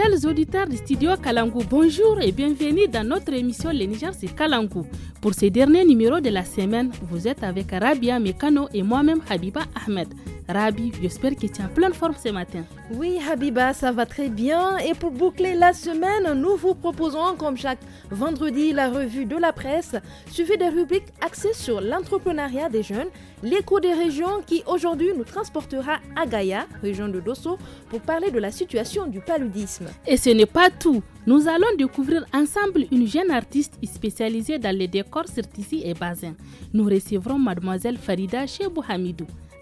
Chers auditeurs du studio Kalangu, bonjour et bienvenue dans notre émission Les Niger c'est Kalangu. Pour ce dernier numéro de la semaine, vous êtes avec Rabia Mekano et moi-même Habiba Ahmed. Rabi, j'espère que tu es en pleine forme ce matin. Oui, Habiba, ça va très bien. Et pour boucler la semaine, nous vous proposons, comme chaque vendredi, la revue de la presse, suivie des rubriques axées sur l'entrepreneuriat des jeunes, l'écho des régions qui aujourd'hui nous transportera à Gaïa, région de Dosso, pour parler de la situation du paludisme. Et ce n'est pas tout. Nous allons découvrir ensemble une jeune artiste spécialisée dans les décors, certici et basins. Nous recevrons mademoiselle Farida Chebou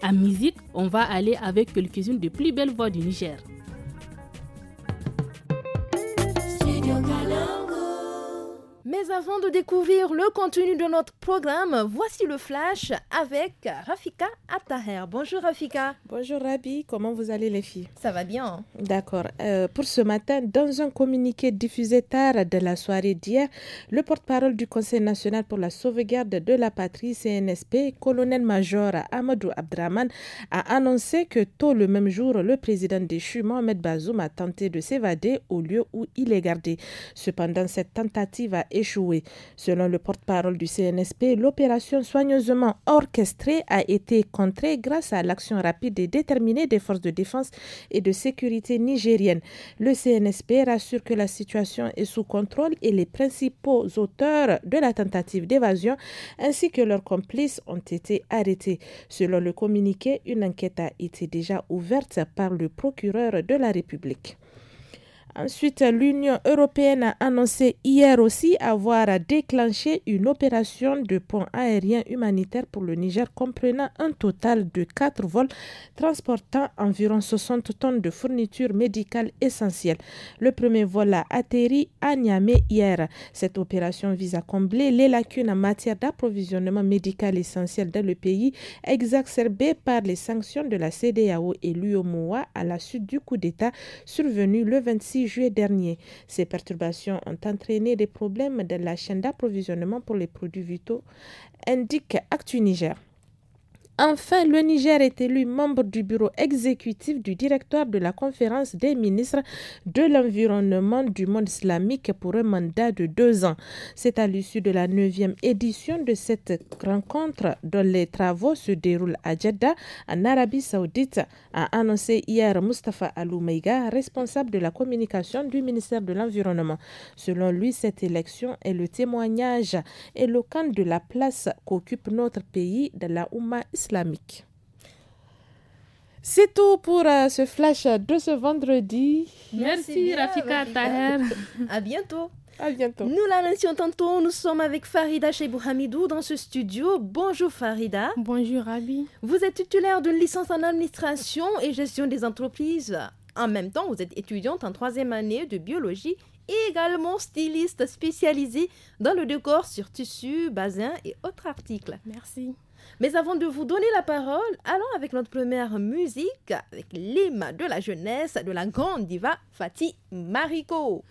en musique, on va aller avec quelques-unes des plus belles voix du Niger. Mais avant de découvrir le contenu de notre programme, voici le flash avec Rafika Attaher. Bonjour Rafika. Bonjour Rabi, comment vous allez les filles Ça va bien. D'accord. Euh, pour ce matin, dans un communiqué diffusé tard de la soirée d'hier, le porte-parole du Conseil national pour la sauvegarde de la patrie, CNSP, colonel-major Amadou Abdraman, a annoncé que tôt le même jour, le président déchu Mohamed Bazoum a tenté de s'évader au lieu où il est gardé. Cependant, cette tentative a échoué. Selon le porte-parole du CNSP, l'opération soigneusement orchestrée a été contrée grâce à l'action rapide et déterminée des forces de défense et de sécurité nigériennes. Le CNSP rassure que la situation est sous contrôle et les principaux auteurs de la tentative d'évasion ainsi que leurs complices ont été arrêtés. Selon le communiqué, une enquête a été déjà ouverte par le procureur de la République. Ensuite, l'Union européenne a annoncé hier aussi avoir déclenché une opération de pont aérien humanitaire pour le Niger comprenant un total de quatre vols transportant environ 60 tonnes de fournitures médicales essentielles. Le premier vol a atterri à Niamey hier. Cette opération vise à combler les lacunes en matière d'approvisionnement médical essentiel dans le pays, exacerbées par les sanctions de la CDAO et l'UOMOA à la suite du coup d'État survenu le 26 juillet dernier. Ces perturbations ont entraîné des problèmes dans la chaîne d'approvisionnement pour les produits vitaux, indique Actu Niger. Enfin, le Niger est élu membre du bureau exécutif du directoire de la conférence des ministres de l'environnement du monde islamique pour un mandat de deux ans. C'est à l'issue de la neuvième édition de cette rencontre dont les travaux se déroulent à Jeddah, en Arabie saoudite, a annoncé hier Mustafa Aloumeïga, responsable de la communication du ministère de l'Environnement. Selon lui, cette élection est le témoignage éloquent de la place qu'occupe notre pays de la Oumma islamique. C'est tout pour euh, ce flash de ce vendredi. Merci, Rafika, Taher. À bientôt. À bientôt. Nous l'annoncions tantôt, nous sommes avec Farida Chebouhamidou dans ce studio. Bonjour Farida. Bonjour Rabi. Vous êtes titulaire d'une licence en administration et gestion des entreprises. En même temps, vous êtes étudiante en troisième année de biologie et également styliste spécialisée dans le décor sur tissu, basin et autres articles. Merci. Mais avant de vous donner la parole, allons avec notre première musique, avec l'hymne de la jeunesse de la grande diva Fatih Mariko.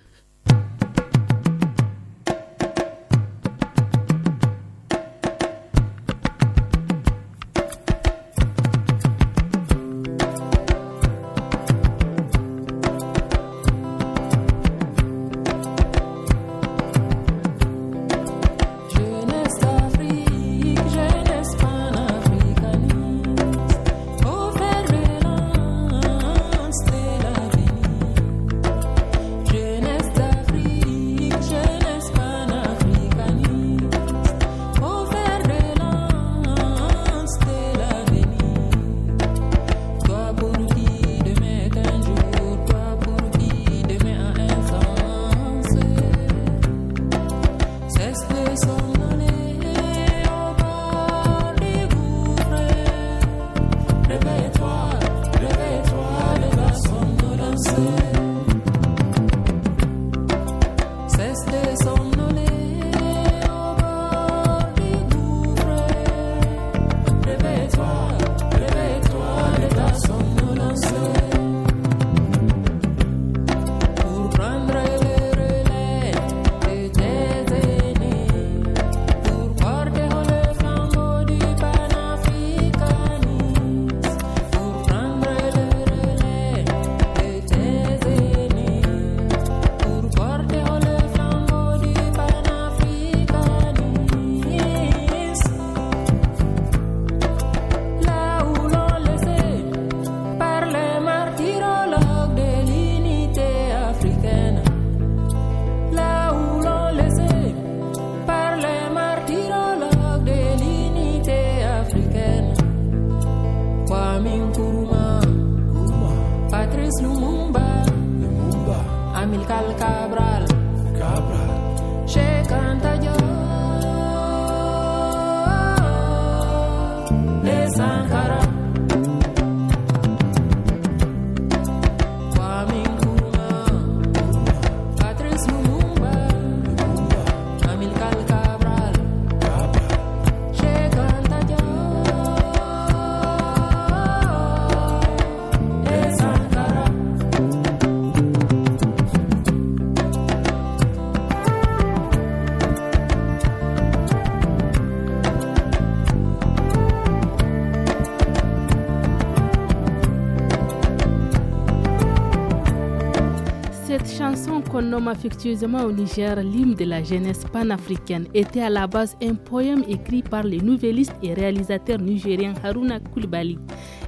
qu'on nomme affectueusement au Niger l'hymne de la jeunesse panafricaine, était à la base un poème écrit par le nouvelliste et réalisateur nigérien Haruna Koulibaly.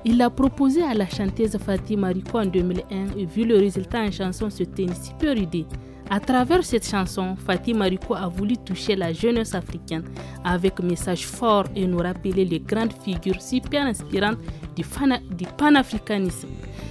Il l'a proposé à la chanteuse Fatima Rico en 2001 et vu le résultat en chanson, c'était une super idée. À travers cette chanson, Fatima Rico a voulu toucher la jeunesse africaine avec un message fort et nous rappeler les grandes figures super inspirantes du, du panafricanisme.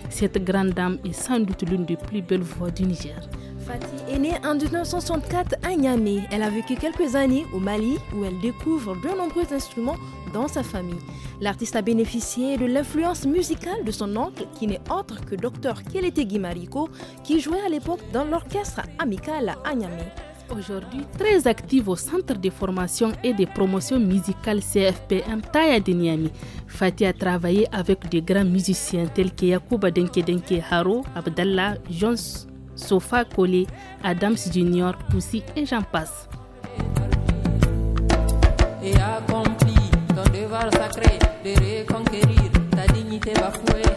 Cette grande dame est sans doute l'une des plus belles voix du Niger. Fati est née en 1964 à Niamey. Elle a vécu quelques années au Mali où elle découvre de nombreux instruments dans sa famille. L'artiste a bénéficié de l'influence musicale de son oncle qui n'est autre que docteur Kelete Mariko qui jouait à l'époque dans l'orchestre amical à Niamey aujourd'hui très active au Centre de formation et de promotion musicale CFPM Taya de Niami. Fatih a travaillé avec des grands musiciens tels que Yakouba Denke Denke Haro, Abdallah Jones, Sofa Collé, Adams Junior, Poussy et j'en passe. Et accompli ton devoir sacré de reconquérir ta dignité bafouée.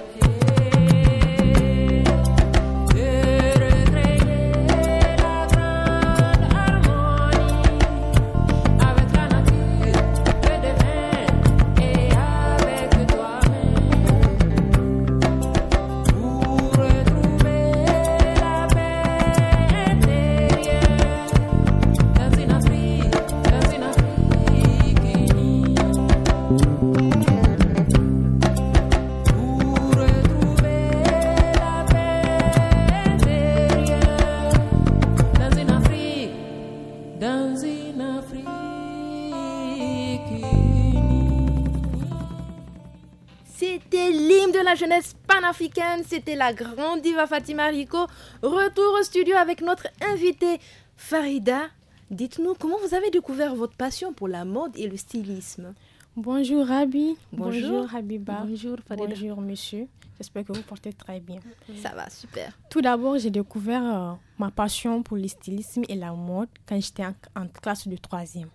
jeunesse panafricaine, c'était la grande diva Fatima Rico. Retour au studio avec notre invitée Farida. Dites-nous comment vous avez découvert votre passion pour la mode et le stylisme. Bonjour Rabi. Bonjour. Habiba. Bonjour Farida. monsieur. J'espère que vous portez très bien. Ça va, super. Tout d'abord, j'ai découvert euh, ma passion pour le stylisme et la mode quand j'étais en, en classe de troisième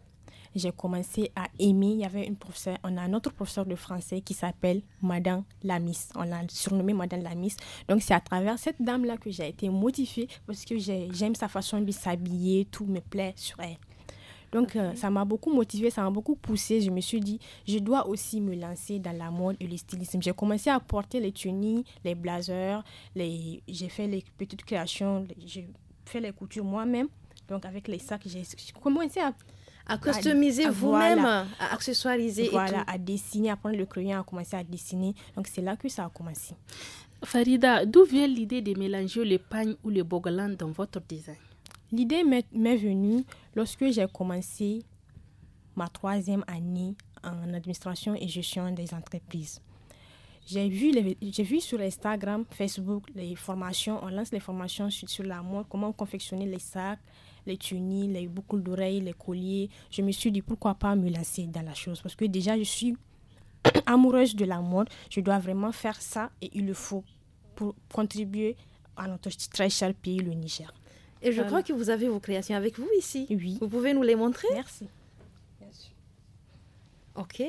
j'ai commencé à aimer. Il y avait une professeure, on a un autre professeur de français qui s'appelle Madame Lamis. On l'a surnommée Madame Lamis. Donc c'est à travers cette dame-là que j'ai été motivée parce que j'aime sa façon de s'habiller, tout me plaît sur elle. Donc euh, ça m'a beaucoup motivée, ça m'a beaucoup poussée. Je me suis dit, je dois aussi me lancer dans la mode et le stylisme. J'ai commencé à porter les tunis, les blazers, les... j'ai fait les petites créations, j'ai fait les coutures moi-même. Donc avec les sacs, j'ai commencé à à customiser vous-même, à accessoiriser. Voilà, et tout. à dessiner, à prendre le crayon, à commencer à dessiner. Donc c'est là que ça a commencé. Farida, d'où vient l'idée de mélanger le pagnes ou le bogolan dans votre design L'idée m'est venue lorsque j'ai commencé ma troisième année en administration et gestion des entreprises. J'ai vu, vu sur Instagram, Facebook, les formations, on lance les formations sur, sur la mode, comment confectionner les sacs, les tunis, les boucles d'oreilles, les colliers. Je me suis dit pourquoi pas me lancer dans la chose parce que déjà je suis amoureuse de la mode. Je dois vraiment faire ça et il le faut pour contribuer à notre très cher pays, le Niger. Et je crois que vous avez vos créations avec vous ici. Oui. Vous pouvez nous les montrer Merci. Bien sûr. Ok.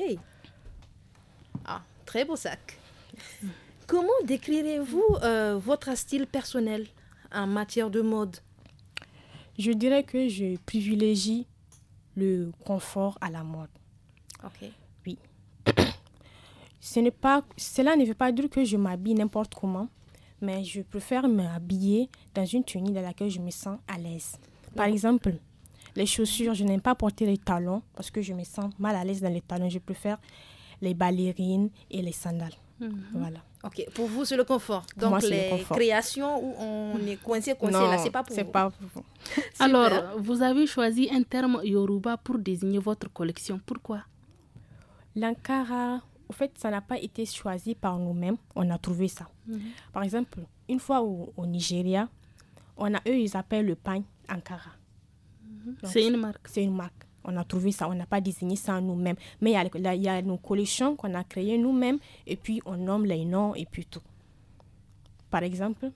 Ah, très beau sac. Comment décrirez-vous euh, votre style personnel en matière de mode je dirais que je privilégie le confort à la mode. Ok. Oui. Ce n'est pas, cela ne veut pas dire que je m'habille n'importe comment, mais je préfère m'habiller dans une tenue dans laquelle je me sens à l'aise. Par exemple, les chaussures, je n'aime pas porter les talons parce que je me sens mal à l'aise dans les talons. Je préfère les ballerines et les sandales. Mhm. Voilà. Ok, pour vous, c'est le confort. Donc, les créations où on est coincé, coincé, là, c'est pas pour vous. pas pour vous. Alors, vous avez choisi un terme Yoruba pour désigner votre collection. Pourquoi L'Ankara, en fait, ça n'a pas été choisi par nous-mêmes. On a trouvé ça. Mhm. Par exemple, une fois au, Nigeria, on a eux, ils appellent le pain Ankara. Mhm. C'est une marque. C'est une marque on a trouvé ça, on n'a pas désigné ça nous-mêmes. Mais il y, a nos collections qu'on a créées nous-mêmes et puis on nomme les noms et puis tout. Par exemple,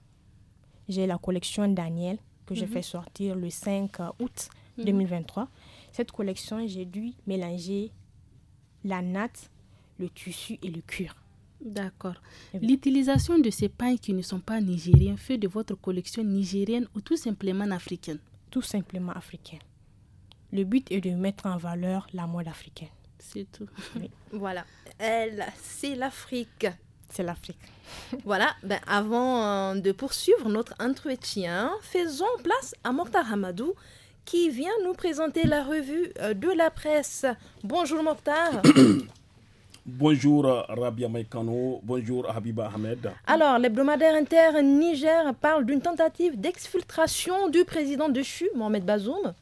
j'ai la collection Daniel que j'ai mhm. fait sortir le 5 euh, août 2023. Mhm. Cette collection, j'ai dû mélanger la natte, le tissu et le cuir. D'accord. L'utilisation de ces pains qui ne sont pas nigériens fait de votre collection nigérienne ou tout simplement africaine Tout simplement africaine. Le but est de mettre en valeur la mode africaine. C'est tout. Voilà. Elle, c'est l'Afrique. C'est l'Afrique. voilà. Ben, avant euh, de poursuivre notre entretien, faisons place à Mokhtar Hamadou qui vient nous présenter la revue euh, de la presse. Bonjour Mokhtar. Bonjour Rabia Maïkano, bonjour Habiba Ahmed. Alors, l'hebdomadaire inter Niger parle d'une tentative d'exfiltration du président de CHU, Mohamed Bazoum.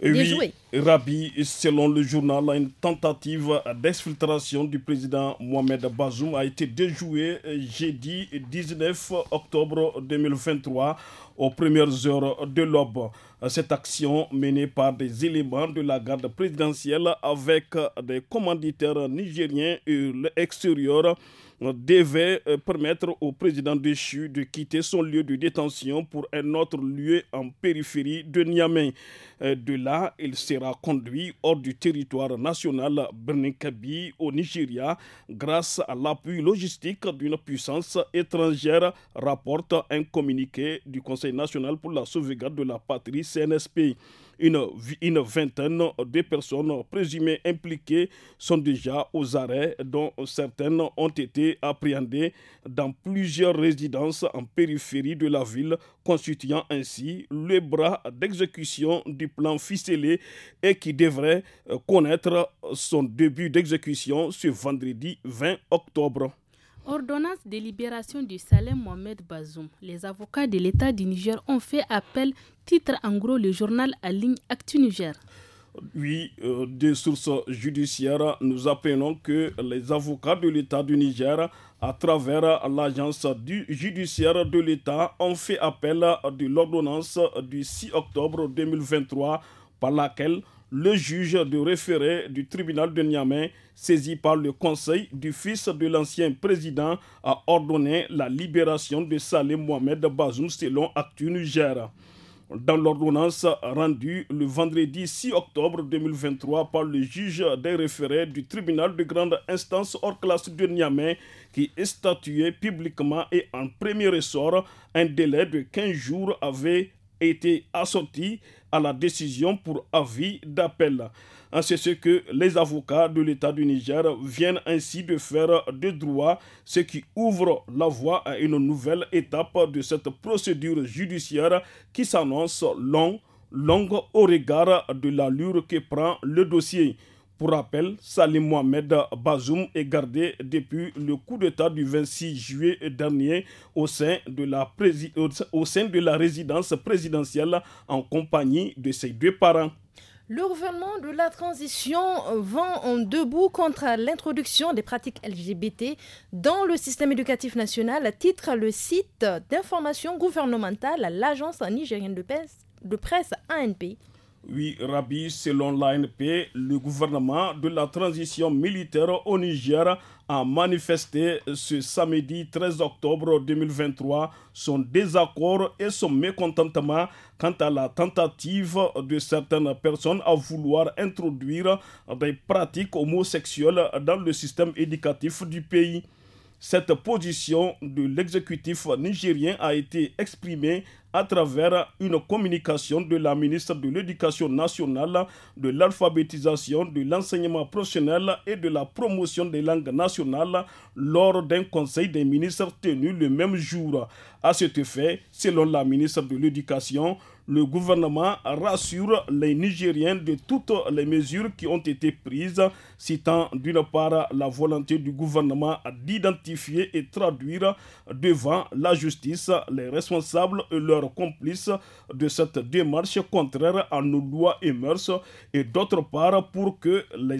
Eh oui, Rabi, selon le journal, une tentative d'exfiltration du président Mohamed Bazoum a été déjouée euh, jeudi 19 octobre 2023 aux premières heures de l'aube. Euh, cette action menée par des éléments de la garde présidentielle avec euh, des commanditaires nigériens et extérieurs euh, devait permettre au président déchu de quitter son lieu de détention pour un autre lieu en périphérie de Niamey. De là, il sera conduit hors du territoire national Bernikabi au Nigeria grâce à l'appui logistique d'une puissance étrangère, rapporte un communiqué du Conseil national pour la sauvegarde de la patrie CNSP. Une, une, vingtaine de personnes présumées impliquées sont déjà aux arrêts, dont certaines ont été appréhendées dans plusieurs résidences en périphérie de la ville, constituant ainsi le bras d'exécution du plan ficelé et qui devrait connaître son début d'exécution ce vendredi 20 octobre. Ordonnance de libération du Salem Mohamed Bazoum. Les avocats de l'État du Niger ont fait appel, titre en gros le journal à ligne Actu Niger. Oui, euh, des sources judiciaires, nous apprenons que les avocats de l'État du Niger, à travers l'agence du judiciaire de l'État, ont fait appel de l'ordonnance du 6 octobre 2023 par laquelle le juge de référé du tribunal de Niamey, saisi par le conseil du fils de l'ancien président, a ordonné la libération de Saleh Mohamed Bazoum selon Actu Niger. Dans l'ordonnance rendue le vendredi 6 octobre 2023 par le juge des référés du tribunal de grande instance hors classe de Niamey, qui est statué publiquement et en premier ressort, un délai de 15 jours avait été assorti à la décision pour avis d'appel. C'est ce que les avocats de l'État du Niger viennent ainsi de faire de droit, ce qui ouvre la voie à une nouvelle étape de cette procédure judiciaire qui s'annonce longue, au regard de l'allure que prend le dossier. Pour rappel, Salim Mohamed Bazoum est gardé depuis le coup d'État du 26 juillet dernier au sein, de la résidence présidentielle en compagnie de ses deux parents. Le gouvernement de la transition euh, vend en debout contre l'introduction des pratiques LGBT dans le système éducatif national, à titre le site d'information gouvernementale, l'agence nigérienne de de presse ANP. Oui, Rabbi, selon l'ANP, le gouvernement de la transition militaire au Niger a manifesté ce samedi 13 octobre 2023 son désaccord et son mécontentement quant à la tentative de certaines personnes à vouloir introduire des pratiques homosexuelles dans le système éducatif du pays. Cette position de l'exécutif nigérien a été exprimée à travers une communication de la ministre de l'Éducation nationale, de l'alphabétisation, de l'enseignement professionnel et de la promotion des langues nationales lors d'un conseil des ministres tenu le même jour. À cet effet, selon la ministre de l'Éducation, le gouvernement rassure les Nigériens de toutes les mesures qui ont été prises, citant d'une part la volonté du gouvernement d'identifier et traduire devant la justice les responsables et leurs complices de cette démarche contraire à nos lois et mœurs, et d'autre part pour que les,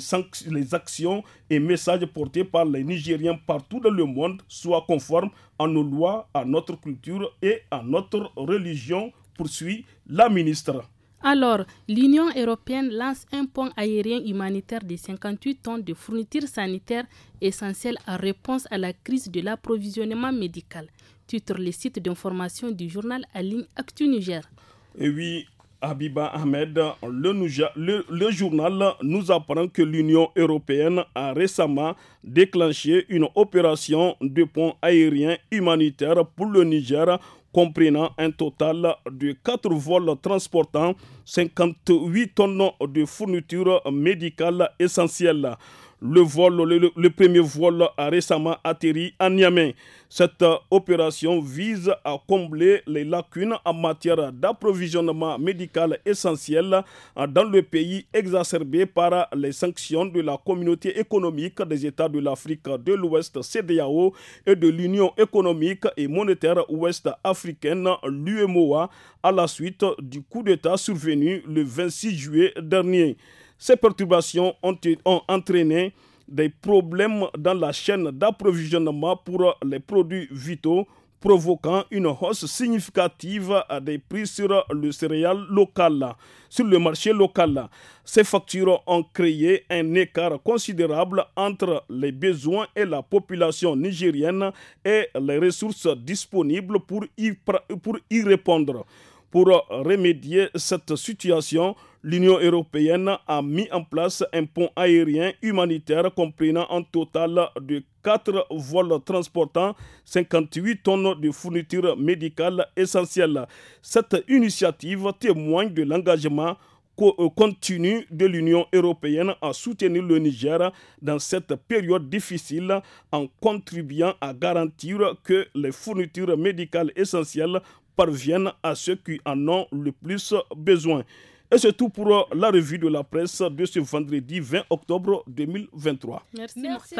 les actions et messages portés par les Nigériens partout dans le monde soient conformes à nos lois, à notre culture et à notre religion poursuit la ministre. Alors, l'Union européenne lance un pont aérien humanitaire de 58 tonnes de fournitures sanitaires essentielles en réponse à la crise de l'approvisionnement médical. Titre les sites d'information du journal à Actu Niger. Et oui, Habiba Ahmed, le, journal nous apprend que l'Union européenne a récemment déclenché une opération de pont aérien humanitaire pour le Niger comprenant un total de 4 vols transportant 58 tonnes de fournitures médicales essentielles. Le vol, le, premier vol a récemment atterri à Niamey. Cette euh, opération vise à combler les lacunes en matière d'approvisionnement médical essentiel euh, dans le pays exacerbé par les sanctions de la communauté économique des États de l'Afrique de l'Ouest CDAO et de l'Union économique et monétaire ouest africaine l'UMOA à la suite du coup d'État survenu le 26 juillet dernier. Ces perturbations e-, ont, entraîné des problèmes dans la chaîne d'approvisionnement pour les produits vitaux, provoquant une hausse significative des prix sur le céréal local, sur le marché local. Ces factures ont créé un écart considérable entre les besoins et la population nigérienne et les ressources disponibles pour y, répondre. Pour remédier cette situation, l'Union européenne a mis en place un pont aérien humanitaire comprenant un total de 4 vols transportant 58 tonnes de fournitures médicales essentielles. Cette initiative témoigne de l'engagement euh, continu de l'Union européenne à soutenir le Niger dans cette période difficile en contribuant à garantir que les fournitures médicales essentielles parviennent à ceux qui en ont le plus besoin. Et c'est tout pour euh, la revue de la presse de ce vendredi 20 octobre 2023. Merci, Merci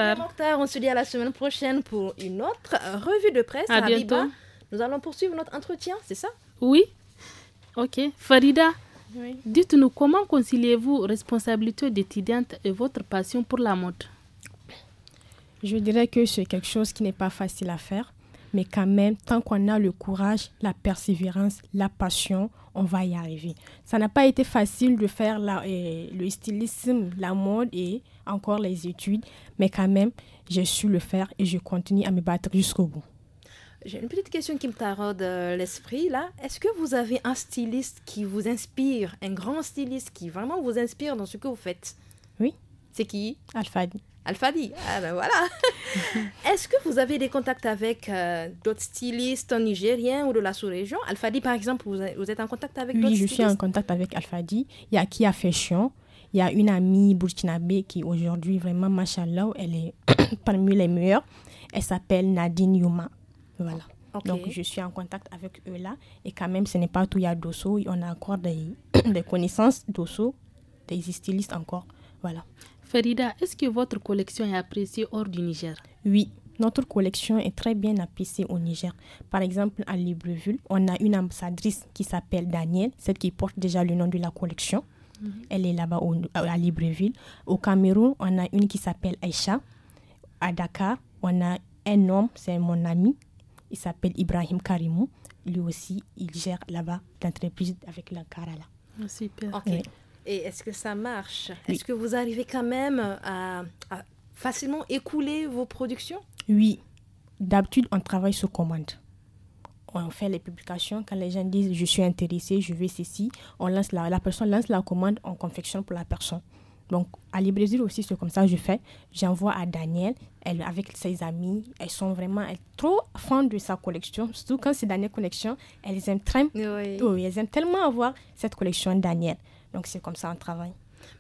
On se dit à la semaine prochaine pour une autre revue de presse. À bientôt. Nous allons poursuivre notre entretien, c'est ça Oui. Ok. Farida, dites-nous comment conciliez-vous responsabilité d'étudiante et votre passion pour la mode Je dirais que c'est quelque chose qui n'est pas facile à faire, mais quand même, tant qu'on a le courage, la persévérance, la passion, on va y arriver. Ça n'a pas été facile de faire euh, le stylisme, la mode et encore les études, mais quand même, j'ai su le faire et je continue à me battre jusqu'au bout. J'ai une petite question qui me taraude euh, l'esprit là. Est-ce que vous avez un styliste qui vous inspire, un grand styliste qui vraiment vous inspire dans ce que vous faites Oui. C'est qui Alphad Alfadi. Ah, ben voilà. Est-ce que vous avez des contacts avec euh, d'autres stylistes nigériens ou de la sous-région alphadi par exemple, vous, êtes en contact avec d'autres stylistes Oui, je suis en contact avec alphadi Il y a qui a fait Fashion. Il y a une amie burkinabé qui aujourd'hui, vraiment, machallah, elle est parmi les meilleures. Elle s'appelle Nadine Yuma. Voilà. Donc, je suis en contact avec eux là. Et quand même, ce n'est pas tout. Il y a Dosso. On a encore des, des connaissances Dosso, des stylistes encore. Voilà. Ferida, est-ce que votre collection est appréciée hors du Niger Oui, notre collection est très bien appréciée au Niger. Par exemple, à Libreville, on a une ambassadrice qui s'appelle Danielle, celle qui porte déjà le nom de la collection. Mhm. Elle est là-bas à Libreville. Au Cameroun, on a une qui s'appelle Aïcha. À Dakar, on a un homme, c'est mon ami. Il s'appelle Ibrahim Karimou. Lui aussi, il gère là-bas l'entreprise avec la Là. Ah, super. Et est-ce que ça marche Est-ce que vous arrivez quand même à, facilement écouler vos productions Oui. D'habitude, on travaille sur commande. On fait les publications. Quand les gens disent je suis intéressé, je veux ceci, on lance la, personne lance la commande, on confectionne pour la personne. Donc, à Brésil aussi, c'est comme ça que je fais. J'envoie à Daniel, elle, avec ses amis. Elles sont vraiment elles, trop fans de sa collection. Surtout quand c'est Daniel Collection, elles aiment, très, oui. oui. elles aiment tellement avoir cette collection Daniel. Donc c'est comme ça on travaille.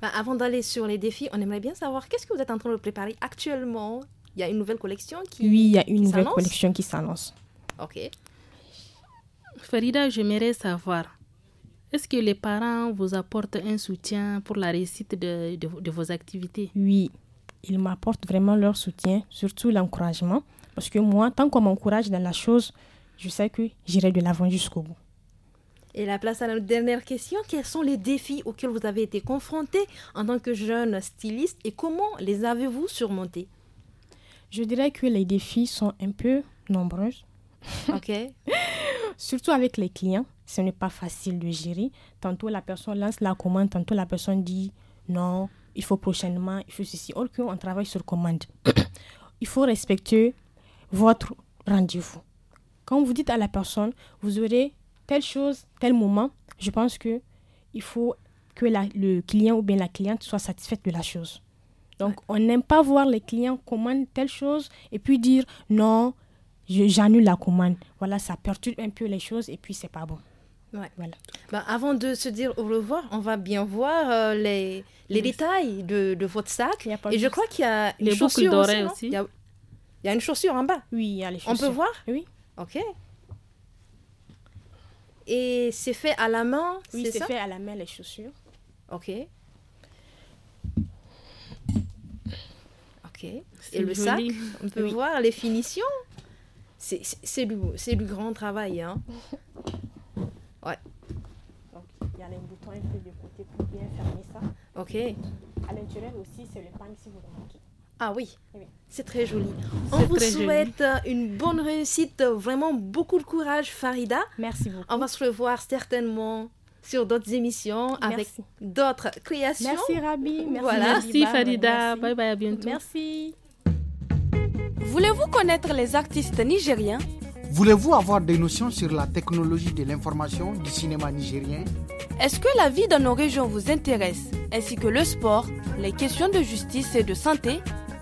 Bah, avant d'aller sur les défis, on aimerait bien savoir qu'est-ce que vous êtes en train de préparer actuellement Il y a une nouvelle collection qui Oui, il y a une nouvelle collection qui s'annonce. OK. Farida, j'aimerais savoir, est-ce que les parents vous apportent un soutien pour la réussite de vos activités Oui, ils m'apportent vraiment leur soutien, surtout l'encouragement. Parce que moi, tant qu'on m'encourage dans la chose, je sais que j'irai de l'avant jusqu'au bout. Et la place à la dernière question, quels sont les défis auxquels vous avez été confrontés en tant que jeune styliste et comment les avez-vous surmontés Je dirais que les défis sont un peu nombreux. OK. Surtout avec les clients, ce n'est pas facile de gérer. Tantôt la personne lance la commande, tantôt la personne dit non, il faut prochainement, il faut ceci. Or on travaille sur commande. il faut respecter votre rendez-vous. Quand vous dites à la personne, vous aurez telle chose, tel moment, je pense que il faut que le client ou bien la cliente soit satisfaite de la chose. Donc, on n'aime pas voir les clients commandent telle chose et puis dire non, j'annule la commande. Voilà, ça perturbe un peu les choses et puis c'est pas bon. Ouais. Voilà. Bah, avant de se dire au revoir, on va bien voir euh, les, détails de, votre sac. Et je crois qu'il y a une les chaussure aussi. aussi. Il, a, il, y a, une chaussure en bas. Oui, il y a les chaussures. On peut voir Oui. Ok. Et c'est fait à la main Oui, c'est fait à la main les chaussures. Ok. Ok. Et le sac, on peut voir les finitions. C'est du, du grand travail. Hein. Ouais. Donc, il y a les boutons un peu de côté pour bien fermer ça. Ok. À l'intérieur aussi, c'est le pan si vous remarquez. Ah oui. oui. C'est très joli. On vous souhaite une bonne réussite, vraiment beaucoup de courage, Farida. Merci beaucoup. On va se revoir certainement sur d'autres émissions avec d'autres créations. Merci Rabi, merci, voilà. merci Farida, bye bye à bientôt. Merci. Voulez-vous connaître les artistes nigériens Voulez-vous avoir des notions sur la technologie de l'information du cinéma nigérien Est-ce que la vie dans nos régions vous intéresse, ainsi que le sport, les questions de justice et de santé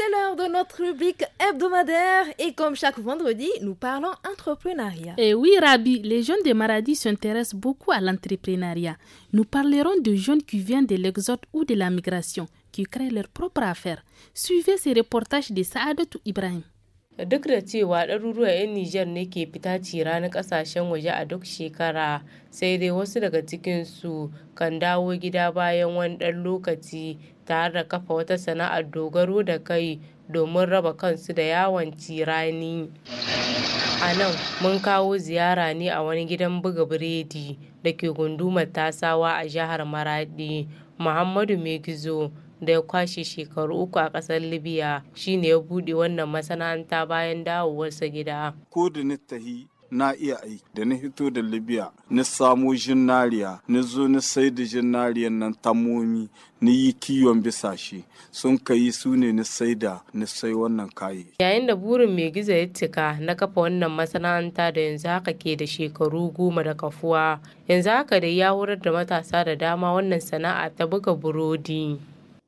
c'est l'heure de notre rubrique hebdomadaire et comme chaque vendredi, nous parlons entrepreneuriat. Et eh oui, Rabi, les jeunes de Maradi s'intéressent beaucoup à l'entrepreneuriat. Nous parlerons de jeunes qui viennent de l'exode ou de la migration, qui créent leur propre affaire. Suivez ces reportages de ou Ibrahim. Duk da cewa ɗaruruwan 'yan Nijar ne ke fita cira na ƙasashen waje a duk shekara, sai dai wasu daga cikinsu kan dawo gida bayan wani ɗan lokaci tare da kafa wata sana'ar dogaro da kai domin raba kansu da yawon cirani. A nan, mun kawo ziyara ne a wani gidan buga biredi da ke gundumar Tasawa a jihar Maraɗi. Muhammadu megizo da ya kwashe shekaru uku a ƙasar libya shine ya buɗe wannan masana'anta bayan dawowarsa gida ko da ni tahi na iya aiki da na hito da libya na samo jinnariya na zo na sai da jinnariyan nan tamomi ni yi kiwon bisashe sun kai su ne na sai da na sai wannan kayi yayin da burin mai gizo ya cika na kafa wannan masana'anta da yanzu haka ke da shekaru goma da kafuwa yanzu haka da ya horar da matasa da dama wannan sana'a ta buga burodi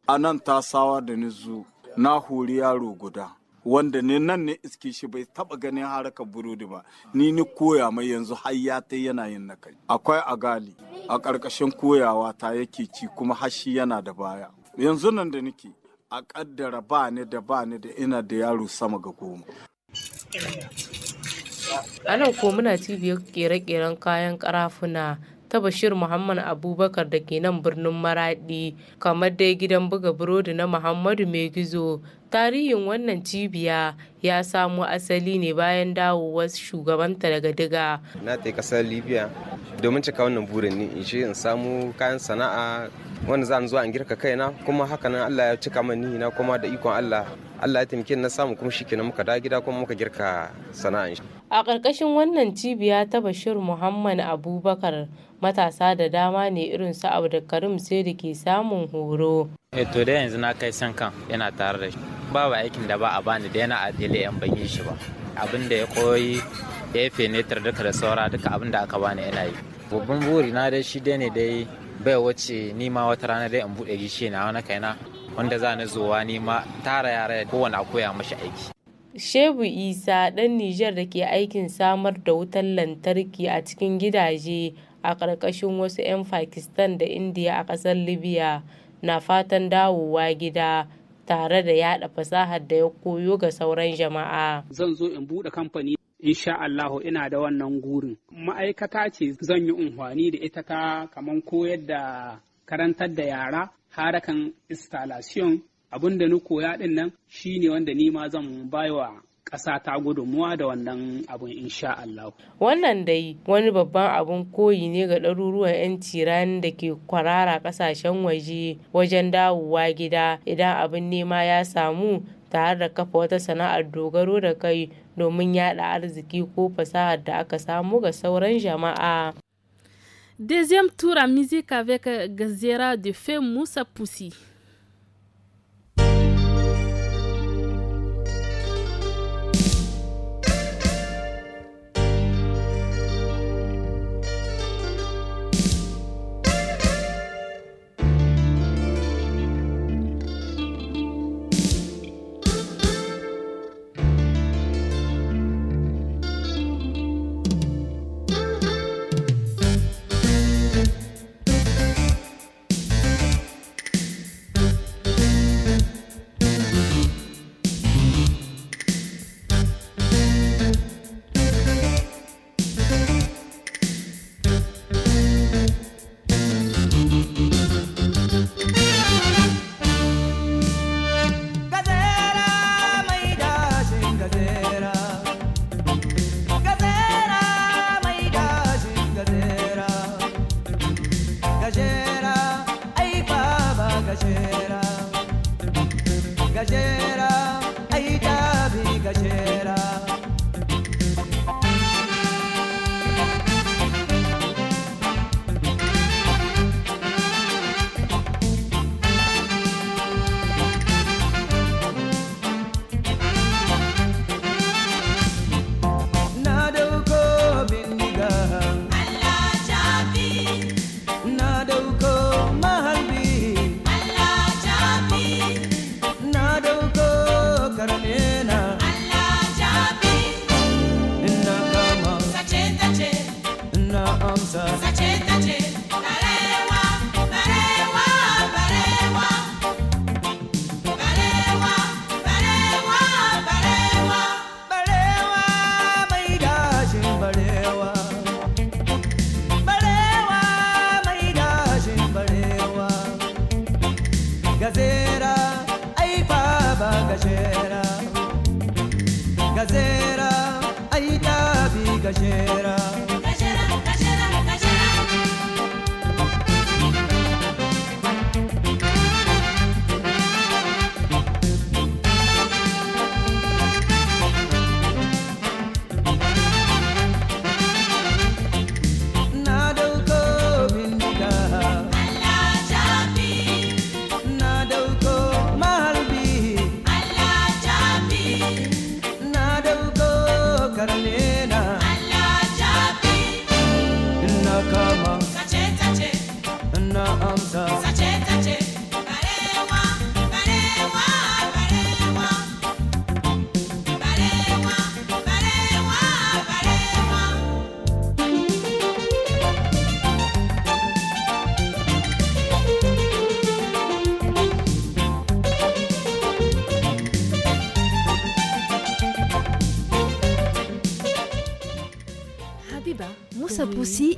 a nan tasawa da ni zu na hori yaro guda wanda ne nan ne iske shi bai taba ganin harkar burodi ba ni ni koya mai yanzu har ya ta yana yin na kai akwai agali a ƙarƙashin koyawa ta yake ci kuma hashi yana da baya yanzu nan da nake a ƙaddara ba ne da ba ne da ina da yaro sama ga goma a nan ko muna cibiyar kere-keren kayan karafuna ta Bashir Muhammad Abubakar da ke nan birnin Maradi, kamar dai gidan buga burodi na Muhammadu Mai Gizo Tarihin wannan cibiya ya samo asali ne bayan dawowar shugabanta daga diga. Na ta kasar Libya domin cika wannan burin ni in in samu kayan sana'a wanda za zuwa in girka kaina kuma haka nan Allah ya cika mani na kuma da ikon Allah Allah ya taimake na samu kuma shi kenan muka da gida kuma muka girka sana'a. A ƙarƙashin wannan cibiya ta Bashir Muhammad Abubakar matasa da dama ne irin su Abdulkarim sai da ke samun horo. Eto eh, da yanzu na kai san kan yana tare da shi. babu aikin da ba a bani da yana a yan ban yi shi ba abin da ya koyi ya netar duka da saura duka abin da aka bani yana yi babban buri na dai shi dai ne dai bai wace ni wata rana dai in buɗe gishi na wani kaina wanda za ni zuwa ni tara yara kowane a koya mashi aiki Shebu Isa ɗan Nijar da ke aikin samar da wutar lantarki a cikin gidaje a karkashin wasu 'yan Pakistan da Indiya a kasar Libya na fatan dawowa gida tare da yada fasahar da ya koyo ga sauran jama'a. Zan zo in buɗe kamfani insha Allahu ina da wannan gurin. Ma'aikata ce zan yi unhwani da ita ta kaman koyar da karantar da yara harakan installation Abun da ni koya din nan shine wanda ni ma zan bayo ƙasa ta gudunmuwa da wannan abun insha Allah. Wannan dai wani babban abun koyi ne ga ɗaruruwan 'yan tirani da ke kwarara ƙasashen waje wajen dawowa gida idan abin nema ya samu tare da kafa wata sana'ar dogaro da kai domin yada arziki ko fasahar da aka samu ga sauran jama'a. Deuxième tour à musique avec Gazera de Femme Moussa Poussi.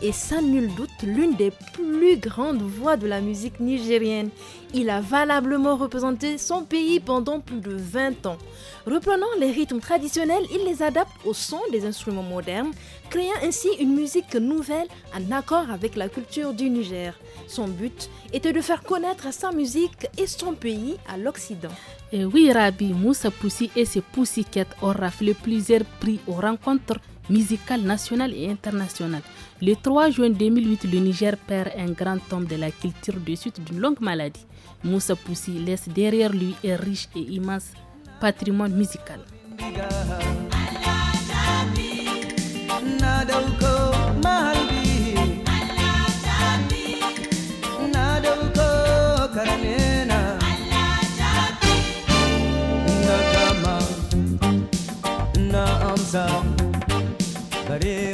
est sans nul doute l'une des plus grandes voix de la musique nigérienne. Il a valablement représenté son pays pendant plus de 20 ans. Reprenant les rythmes traditionnels, il les adapte au son des instruments modernes, créant ainsi une musique nouvelle en accord avec la culture du Niger. Son but était de faire connaître sa musique et son pays à l'Occident. Et oui, Rabi Moussa Poussi et ses Poussiquettes ont raflé plusieurs prix aux rencontres Musical nationale et internationale. Le 3 juin 2008, le Niger perd un grand homme de la culture de suite d'une longue maladie. Moussa Poussi laisse derrière lui un riche et immense patrimoine musical. Hare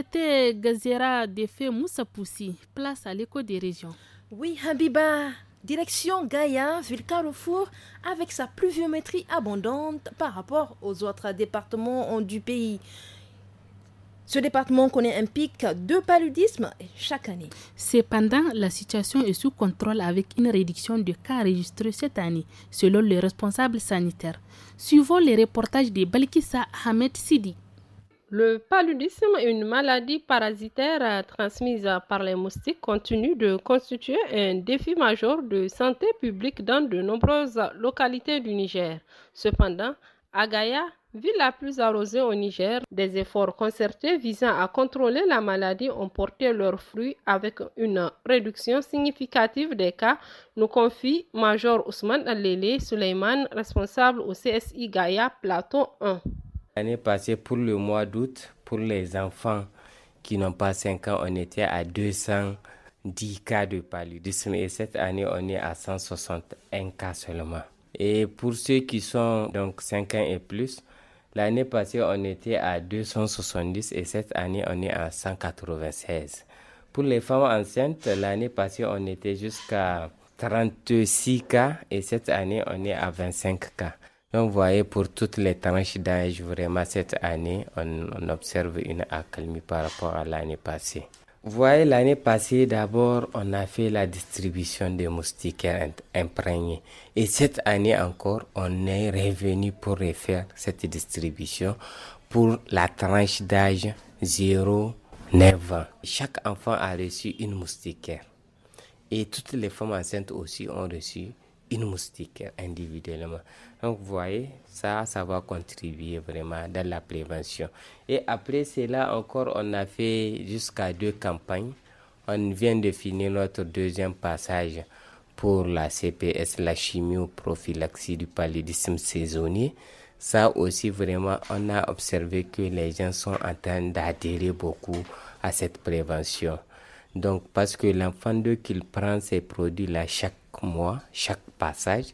C'était Gazera faits Moussa Poussi. Place à l'écho des régions. Oui, Habiba, Direction Gaïa, ville Carrefour, avec sa pluviométrie abondante par rapport aux autres départements du pays. Ce département connaît un pic de paludisme chaque année. Cependant, la situation est sous contrôle avec une réduction de cas enregistrés cette année, selon les responsables sanitaires. Suivons les reportages de Balkissa Ahmed Sidi. Le paludisme une maladie parasitaire euh, transmise par les moustiques continue de constituer un défi majeur de santé publique dans de nombreuses localités du Niger. Cependant, Agaya, ville la plus arrosée au Niger, des efforts concertés visant à contrôler la maladie ont porté leurs fruits avec une réduction significative des cas, nous confie Major Ousmane Alele Suleiman, responsable au CSI Gaïa Plateau 1. L'année passée, pour le mois d'août, pour les enfants qui n'ont pas 5 ans, on était à 210 cas de paludisme et cette année, on est à 161 cas seulement. Et pour ceux qui sont donc 5 ans et plus, l'année passée, on était à 270 et cette année, on est à 196. Pour les femmes enceintes, l'année passée, on était jusqu'à 36 cas et cette année, on est à 25 cas. Donc, vous voyez, pour toutes les tranches d'âge, vraiment, cette année, on, observe une accalmie par rapport à l'année passée. Vous voyez, l'année passée, d'abord, on a fait la distribution des moustiquaires imprégnés. Et cette année encore, on est revenu pour refaire cette distribution pour la tranche d'âge 0-9 ans. Chaque enfant a reçu une moustiquaire. Et toutes les femmes enceintes aussi ont reçu une moustiquaire individuellement. Donc, vous voyez, ça, ça va contribuer vraiment dans la prévention. Et après cela, encore, on a fait jusqu'à deux campagnes. On vient de finir notre deuxième passage pour la CPS, la chimio-prophylaxie du paludisme saisonnier. Ça aussi, vraiment, on a observé que les gens sont en train d'adhérer beaucoup à cette prévention. Donc, parce que l'enfant, d'eux, qu'il prend ces produits-là chaque mois, chaque passage,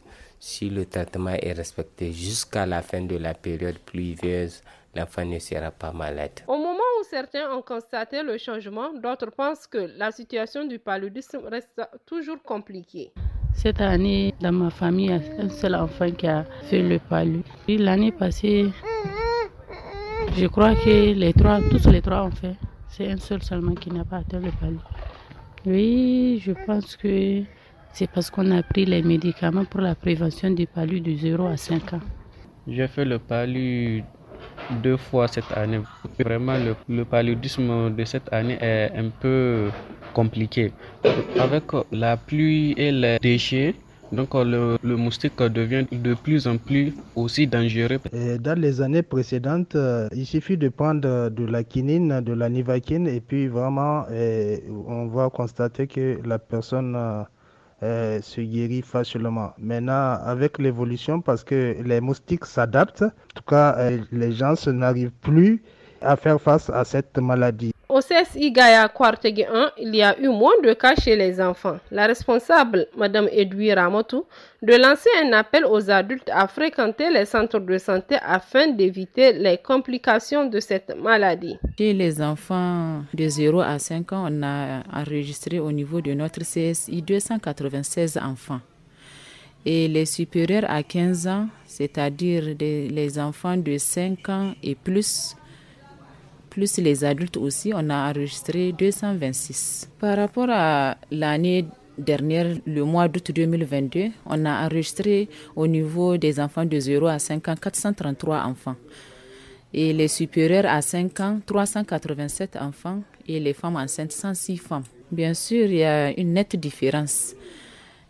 si le traitement est respecté jusqu'à la fin de la période pluvieuse, l'enfant ne sera pas malade. Au moment où certains ont constaté le changement, d'autres pensent que la situation du paludisme reste toujours compliquée. Cette année, dans ma famille, il y a un seul enfant qui a fait le paludisme. L'année passée, je crois que les trois, tous les trois ont fait. C'est un seul seulement qui n'a pas atteint le paludisme. Oui, je pense que c'est parce qu'on a pris les médicaments pour la prévention du paludisme de 0 à 5 ans. J'ai fait le palu deux fois cette année. Vraiment, le, paludisme de cette année est un peu compliqué. Avec la pluie et les déchets, donc le, moustique devient de plus en plus aussi dangereux. dans les années précédentes, euh, il suffit de prendre de la quinine, de la nivaquine, et puis vraiment, on va constater que la personne euh, euh, se guérit facilement. Maintenant, avec l'évolution, parce que les moustiques s'adaptent, en tout cas, euh, les gens n'arrivent plus à faire face à cette maladie. Au CSI Gaïa 1, il y a eu moins de cas chez les enfants. La responsable, Mme Edoui Ramotou, de lancer un appel aux adultes à fréquenter les centres de santé afin d'éviter les complications de cette maladie. Chez les enfants de 0 à 5 ans, on a enregistré au niveau de notre CSI 296 enfants. Et les supérieurs à 15 ans, c'est-à-dire les enfants de 5 ans et plus, plus les adultes aussi, on a enregistré 226. Par rapport à l'année dernière, le mois d'août 2022, on a enregistré au niveau des enfants de 0 à 5 ans 433 enfants. Et les supérieurs à 5 ans, 387 enfants. Et les femmes enceintes, 106 femmes. Bien sûr, il y a une nette différence.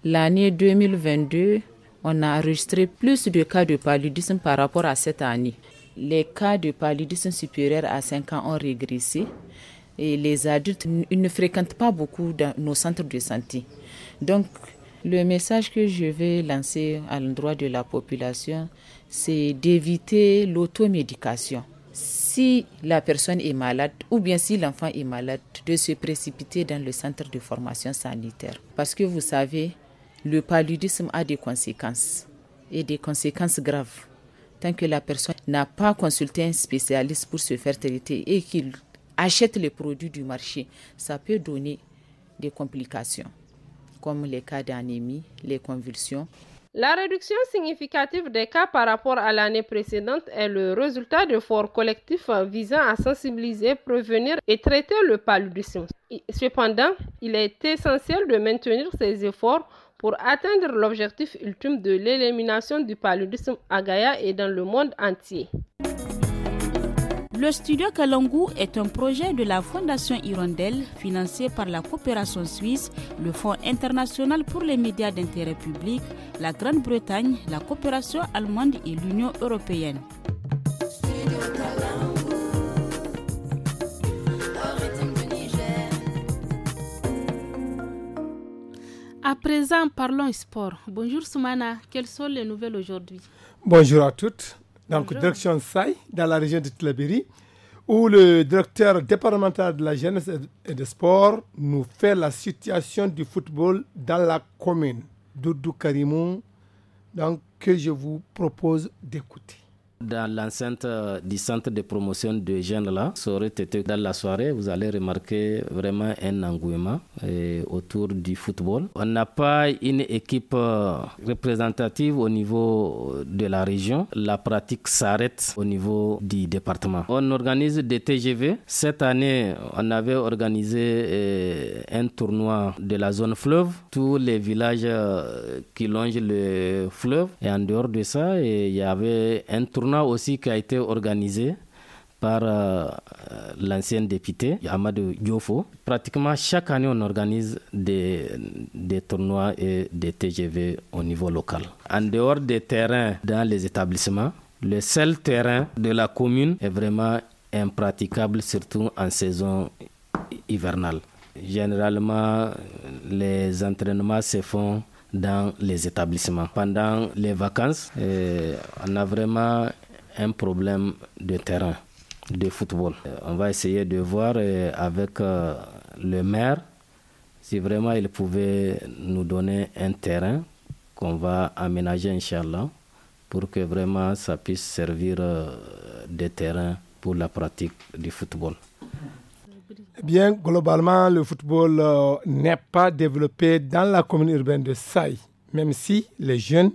L'année 2022, on a enregistré plus de cas de paludisme par rapport à cette année les cas de paludisme supérieur à 5 ans ont régressé et les adultes ne fréquentent pas beaucoup dans nos centres de santé. Donc, le message que je vais lancer à l'endroit de la population, c'est d'éviter l'automédication. Si la personne est malade ou bien si l'enfant est malade, de se précipiter dans le centre de formation sanitaire. Parce que vous savez, le paludisme a des conséquences et des conséquences graves tant que la personne n'a pas consulté un spécialiste pour se faire traiter et qu'il achète les produits du marché, ça peut donner des complications, comme les cas d'anémie, les convulsions. La réduction significative des cas par rapport à l'année précédente est le résultat d'efforts collectifs visant à sensibiliser, prévenir et traiter le paludisme. Cependant, il est essentiel de maintenir ces efforts pour atteindre l'objectif ultime de l'élimination du paludisme à Gaïa et dans le monde entier. Le studio Kalangu est un projet de la Fondation Hirondelle financé par la coopération suisse, le Fonds international pour les médias d'intérêt public, la Grande-Bretagne, la coopération allemande et l'Union européenne. À présent, parlons sport. Bonjour Soumana, quelles sont les nouvelles aujourd'hui Bonjour à toutes. Donc, direction SAI, dans la région de Tlabiri, où le directeur départemental de la jeunesse et des sports nous fait la situation du football dans la commune. Doudou Karimou, donc, que je vous propose d'écouter. Dans l'enceinte euh, du centre de promotion de jeunes là, ça aurait été dans la soirée, vous allez remarquer vraiment un engouement euh, autour du football. On n'a pas une équipe euh, représentative au niveau de la région. La pratique s'arrête au niveau du département. On organise des TGV. Cette année, on avait organisé un tournoi de la zone fleuve. Tous les villages qui longent le fleuve. Et en dehors de ça, il y avait un tournoi tournoi aussi qui a été organisé par euh, euh, l'ancienne l'ancien député Amadou Diofo. Pratiquement chaque année, on organise des, des, tournois et des TGV au niveau local. En dehors des terrains dans les établissements, le seul terrain de la commune est vraiment impraticable, surtout en saison hivernale. Généralement, les entraînements se font dans les établissements. Pendant les vacances, euh, on a vraiment un problème de terrain de football. Euh, on va essayer de voir euh, avec le maire si vraiment il pouvait nous donner un terrain qu'on va aménager, Inch'Allah, pour que vraiment ça puisse servir de terrain pour la pratique du football. Eh bien, globalement, le football euh, n'est pas développé dans la commune urbaine de Saï, même si les jeunes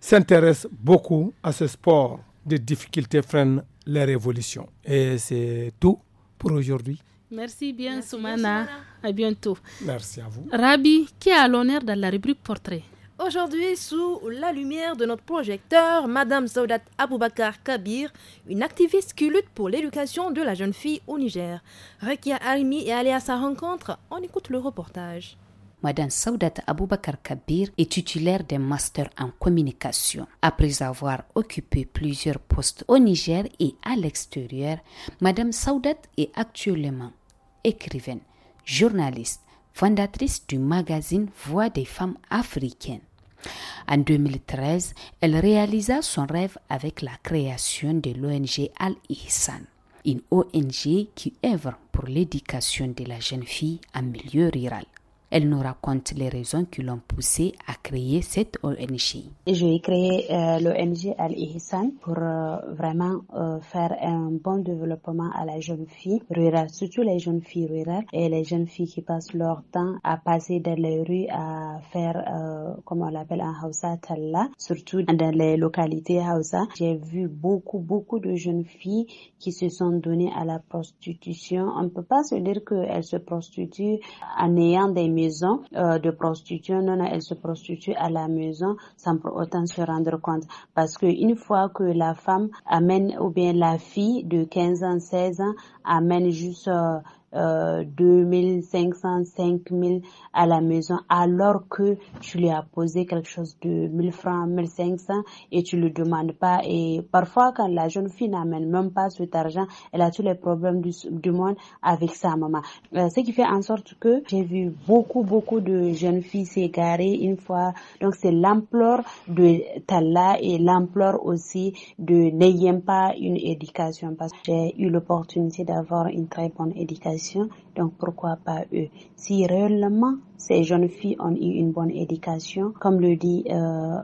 s'intéressent beaucoup à ce sport. Des difficultés freinent les révolutions. Et c'est tout pour aujourd'hui. Merci bien, Soumana. bientôt. Merci à vous. Rabi, qui a l'honneur dans la rubrique portrait Aujourd'hui, sous la lumière de notre projecteur, Madame Saudat Abubakar Kabir, une activiste qui lutte pour l'éducation de la jeune fille au Niger. Rekia Almi est allée à sa rencontre. On écoute le reportage. Madame Saudat Abubakar Kabir est titulaire d'un master en communication. Après avoir occupé plusieurs postes au Niger et à l'extérieur, Madame Saudat est actuellement écrivaine, journaliste, fondatrice du magazine Voix des femmes africaines. En 2013, elle réalisa son rêve avec la création de l'ONG Al-Ihsan, une ONG qui œuvre pour l'éducation de la jeune fille en milieu rural. Elle nous raconte les raisons qui l'ont poussée à créer cette ONG. J'ai créé euh, l'ONG Al-Ihsan pour euh, vraiment euh, faire un bon développement à la jeune fille rurale, surtout les jeunes filles rurales et les jeunes filles qui passent leur temps à passer dans les rues, à faire, comme on l'appelle un Hausa, Talla, surtout dans les localités Hausa. J'ai vu beaucoup, beaucoup de jeunes filles qui se sont données à la prostitution. On ne peut pas se dire qu'elles se prostituent en ayant des euh, de prostitution, non, elle se prostitue à la maison sans pour autant se rendre compte. Parce qu'une fois que la femme amène, ou bien la fille de 15 ans, 16 ans, amène juste... Euh, 2500, euh, 5000 à la maison alors que tu lui as posé quelque chose de 1000 francs, 1500 et tu le demandes pas. Et parfois, quand la jeune fille n'amène même pas cet argent, elle a tous les problèmes du, du monde avec sa maman. Euh, ce qui fait en sorte que j'ai vu beaucoup, beaucoup de jeunes filles s'égarer une fois. Donc, c'est l'ampleur de Tala et l'ampleur aussi de n'ayant pas une éducation parce que j'ai eu l'opportunité d'avoir une très bonne éducation donc pourquoi pas eux Si réellement ces jeunes filles ont eu une bonne éducation, comme le dit euh,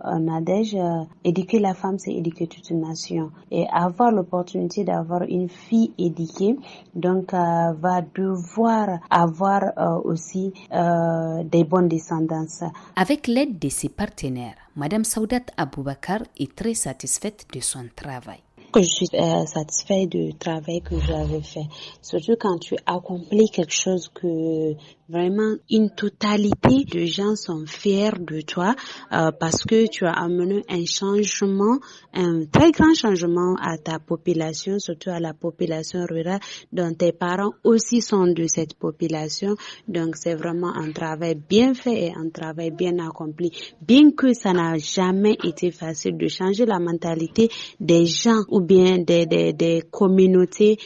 un euh, éduquer la femme, c'est éduquer toute une nation. Et avoir l'opportunité d'avoir une fille éduquée, donc euh, va devoir avoir euh, aussi des bonnes descendances. Avec l'aide de ses partenaires, Madame Saoudat Aboubakar est très satisfaite de son travail que je suis euh, satisfait du travail que j'avais fait. Surtout quand tu accomplis quelque chose que vraiment une totalité de gens sont fiers de toi euh, parce que tu as amené un changement, un très grand changement à ta population, surtout à la population rurale dont tes parents aussi sont de cette population. Donc c'est vraiment un travail bien fait et un travail bien accompli. Bien que ça n'a jamais été facile de changer la mentalité des gens bien des, des, des communautés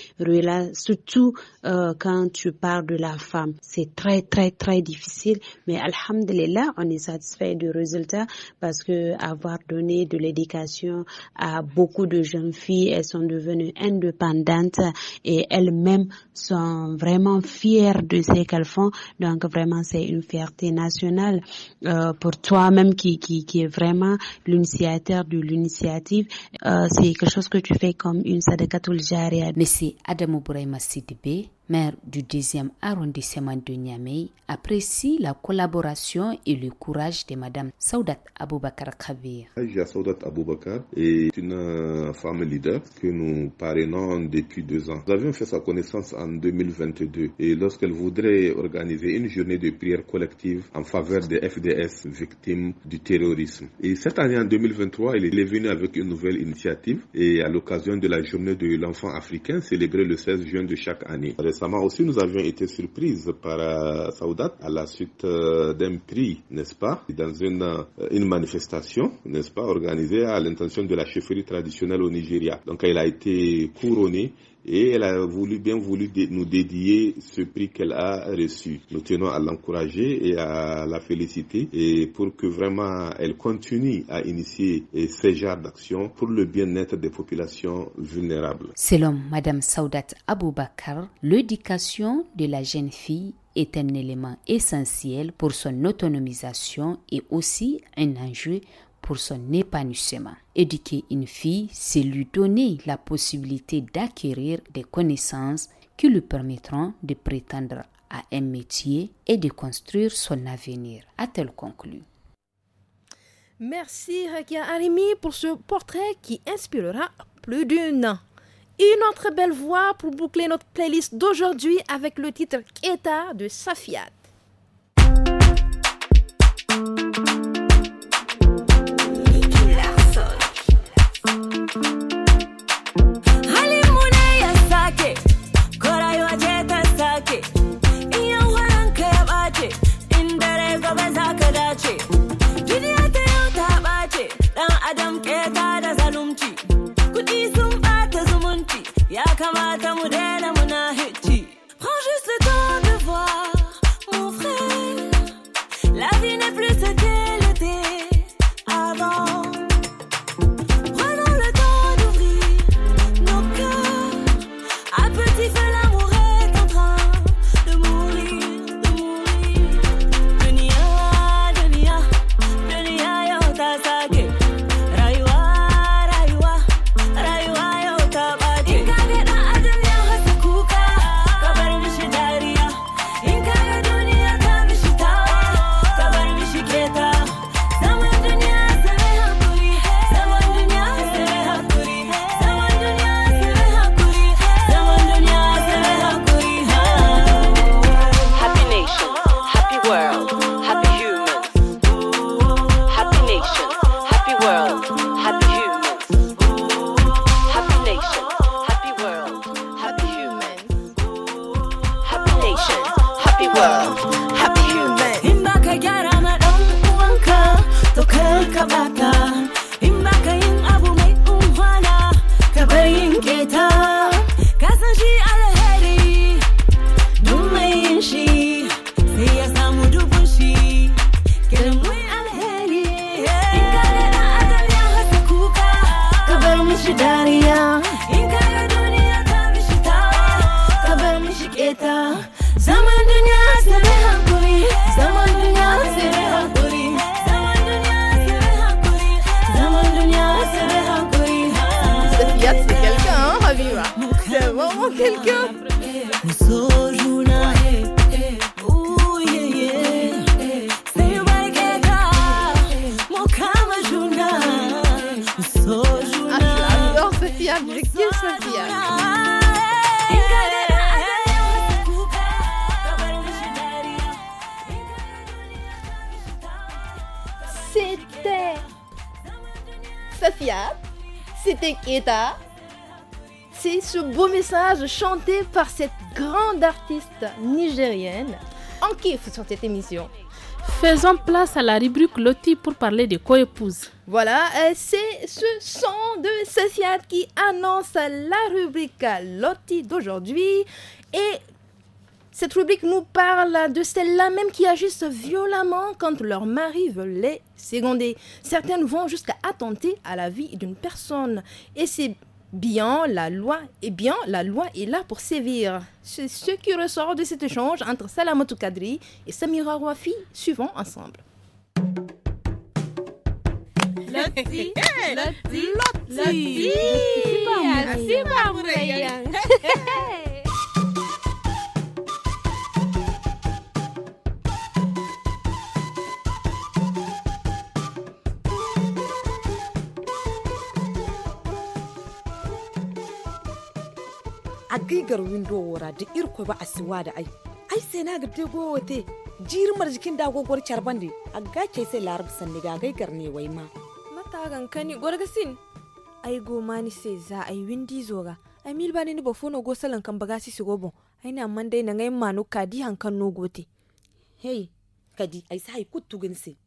surtout euh, quand tu parles de la femme. C'est très, très, très difficile, mais alhamdulillah, on est satisfait du résultat parce que avoir donné de l'éducation à beaucoup de jeunes filles, elles sont devenues indépendantes et elles-mêmes sont vraiment fières de ce qu'elles font. Donc vraiment, c'est une fierté nationale euh, pour toi-même qui, qui, est vraiment l'initiateur de l'initiative. Euh, c'est quelque chose que tu fais comme une sadaqatul jariya. Merci Adamo Bouraïma Sidibé, maire du 10 e arrondissement de Niamey, apprécie la collaboration et le courage de Madame Saoudat Aboubakar Khabir. Saoudat Aboubakar est une euh, femme leader que nous parrainons depuis deux ans. Nous avions fait sa connaissance en 2022 et lorsqu'elle voudrait organiser une journée de prière collective en faveur des FDS victimes du terrorisme. Et cette année, en 2023, elle est venue avec une nouvelle initiative et à l'occasion de la journée de l'enfant africain célébrée le 16 juin de chaque année récemment aussi, nous avions été surprises par euh, Saoudat à la suite euh, d'un prix, n'est-ce pas, dans une, euh, une manifestation, n'est-ce pas, organisée à l'intention de la chefferie traditionnelle au Nigeria. Donc, elle a été couronnée et elle a voulu, bien voulu nous dédier ce prix qu'elle a reçu. Nous tenons à l'encourager et à la féliciter et pour que vraiment elle continue à initier ces genre d'action pour le bien-être des populations vulnérables. Selon Madame Saoudat Aboubakar, l'éducation de la jeune fille est un élément essentiel pour son autonomisation et aussi un enjeu pour son épanouissement. Éduquer une fille, c'est lui donner la possibilité d'acquérir des connaissances qui lui permettront de prétendre à un métier et de construire son avenir, a-t-elle conclu. Merci Rakia Arimi pour ce portrait qui inspirera plus d'une. Une autre belle voix pour boucler notre playlist d'aujourd'hui avec le titre Keta de Safiat. c'est ce beau message chanté par cette grande artiste nigérienne. En kiff sur cette émission. Faisons place à la rubrique Lottie pour parler des co-épouses. Voilà, euh, c'est ce son de Sociat qui annonce la rubrique Loti d'aujourd'hui. Et cette rubrique nous parle de celles-là même qui agissent violemment quand leur mari veut les seconder. Certaines vont jusqu'à attenter à la vie d'une personne. Et c'est bien la loi est bien la loi est là pour sévir. C'est ce qui ressort de cet échange entre Salamatou Kadri et Samira Wafi, suivant ensemble. a gaigar windowora da irko ba a siwa da ai ai sai na ga tego wate jirmar jikin dagogwar charban de a gake sai larab sanni ga gaigar ne wai ma mata gankani gwargasin ai goma ni sai za ai windi zora ai mil bani ni ba fono go salan kan baga si sigobon ai na man dai na ngai manu kadi hankan no gote hey kadi ai sai kuttu ginsi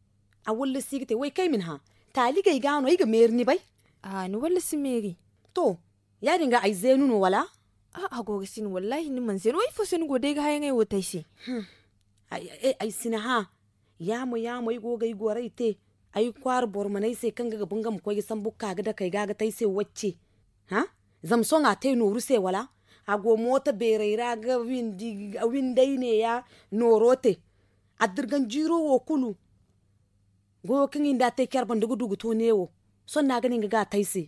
a wulle sigite wai kai min ha tali gai gano ai ga merni bai a ni si meri to ya dinga ai zenu no wala a gogi sin wallahi ni man sen wai fo sen go ga hayan ai wotai si hmm. ai ai sin ha ya mu ya mu go gai gorai te ai kwar bor manai sai kan ga bunga mu koyi san bukka ga da kai ga ga tai sai wacce ha zam so nga tai noru sai wala go mota bereira ga windi windai ne ya norote dirgan jiro wo kulu go kin inda tai kyar bandugu dugu to ne wo son na ganin ga ga tai sai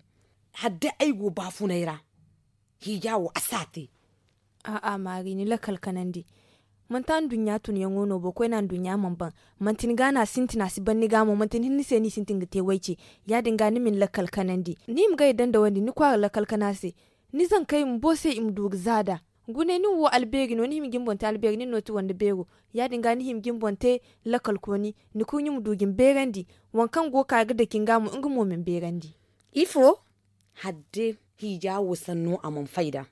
hadda aigo ba ra hiyawo asate a a mari ni lakal kanandi mantan dunya tun yan no bo nan dunya man ban mantin gana sinti na si banni gamo mantin hinni se ni sintin gite waice ya dinga ni min lakal kanandi ni mga idan da wani ni kwa lakal se ni zan kai mu bo sai im dug zada gune ni wo albegi no ni him ta albegi ni noti wanda bego ya dinga ni him gimbonte lakal koni ni yi mu dugin berandi wankan go ga da kingamu ingumo min berandi ifo hadde hijawo sannu a man faida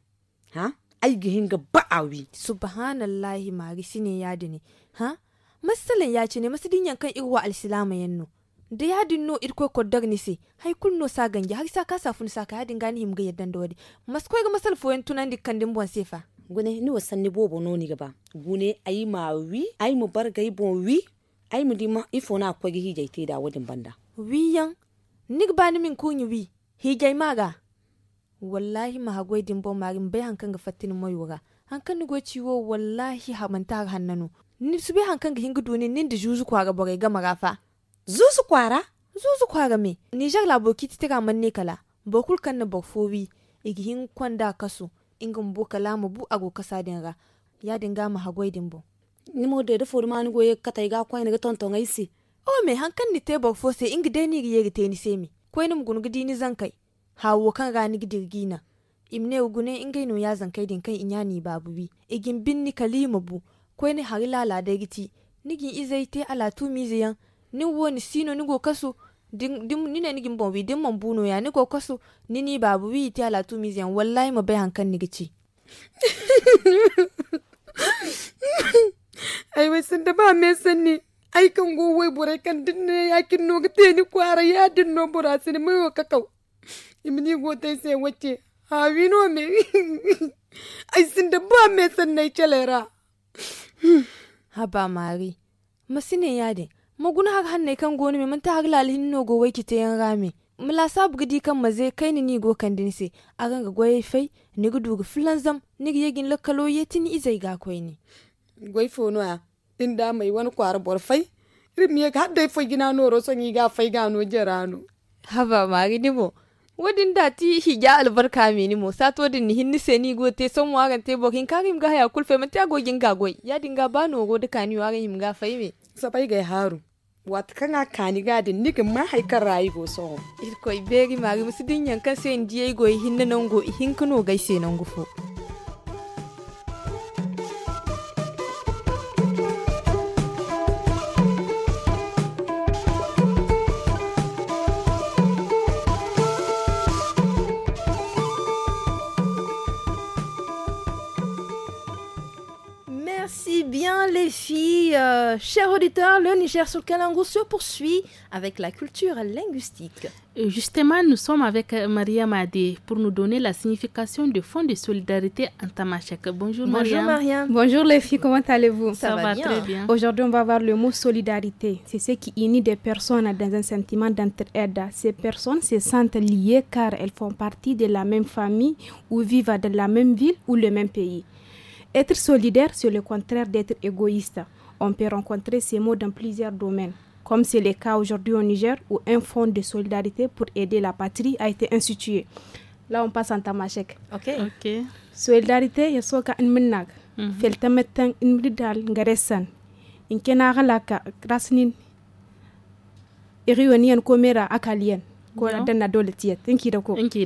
ha aigihin ga ba'awi subhanallahi mari shine yadi ne ha masalan ya ce ne masidin yankan irwa alsilama yanno da yadin no irko kodar ni se hay kunno sa gangi har sa ka safun sa ka yadin gani himga yaddan da wadi maskoi ga masal foyen tunan dikkan din bon sefa gune ni wasan ni bobo noni ni gaba gune ayi mawi ayi mu bar gai bon wi ayi mu di ma ifo na kwagi hijai te da wadin banda wiyan nik ba ni min kunyi wi hijai maga wallahi ma hagoi dimbo marin bai hankan ga fattin wura hankan go ciwo wallahi hamanta hannano ni su bai hankan ga hingu doni nin da juzu kwara bare ga marafa zuzu kwara zuzu kwara me nijar laboki titira man ne kala bokul kan na bofowi hin kwanda kasu ingin bo kala mu bu ago kasa dinga ya dinga ma hagoi dimbo ni mo de da foru ma ni go ye kata ga kwai ni ga tonton si o me hankan ni te bofo ingi de ni ye ga te ni se mi ko ni mu gunu gidi ni zan kai hawo kan ranig dirgina imne ugune no ya zankai din kan inyani bi igin binni kalima bu ko ni harila da giti nigin te ala tu miziyan ni woni sino go kaso din ne nigin bombi din bu buno ya ni nigo kaso babu bi te ala tu miziyan wallahi ma bai hankan nigici ai wai sun da ba me sanni ai kan go wai bure kan ne yakin no ga ni kwara ya din bura sin mai wa kakau imini gote se wace hawino me ai sin da ba me sannai calera haba mari masine yade maguna har hanne kan goni me manta har lalihin no go wai kite yan rame il gidi kan maze go kan dinse agan ga goye a ni go ga nig zam ni ga yagin lakalo Il a izai ga koi ni goy ya din da mai wani kwar bor fai ga ga fai no mari wadin dati higa albarka mini mo sato din ni hinni seni go te son wagan te bokin karim ga ya kulfe mun ta gogin gagoi ya dinga ba no go kani ni waran him ga fai me sabai ga haru wat kanga kani ga din ni ma haikar rayi go so ir beri mari musidin yankan sen diye go hinna nan go kuno gaise nan gufo bien les filles, euh, chers auditeurs, le Niger sur Kalango se poursuit avec la culture linguistique. Justement, nous sommes avec euh, Maria Madé pour nous donner la signification du Fonds de solidarité en Bonjour, Bonjour Maria. Bonjour les filles, comment allez-vous Ça, va, très bien. Aujourd'hui, on va voir le mot solidarité. C'est ce qui unit des personnes dans un sentiment d'entraide. Ces personnes se sentent liées car elles font partie de la même famille ou vivent dans la même ville ou le même pays. Être solidaire, c'est le contraire d'être égoïste. On peut rencontrer ces mots dans plusieurs domaines, comme c'est le cas aujourd'hui au Niger où un fonds de solidarité pour aider la patrie a été institué. Là, on passe en tamashek. Ok. Ok. Solidarité, il y a une menace. Mhm. Felta metten une Il ngaresan. In kenara la krasnin. Iriwani en komera akalien. Ko na dole Thank you faut Thank you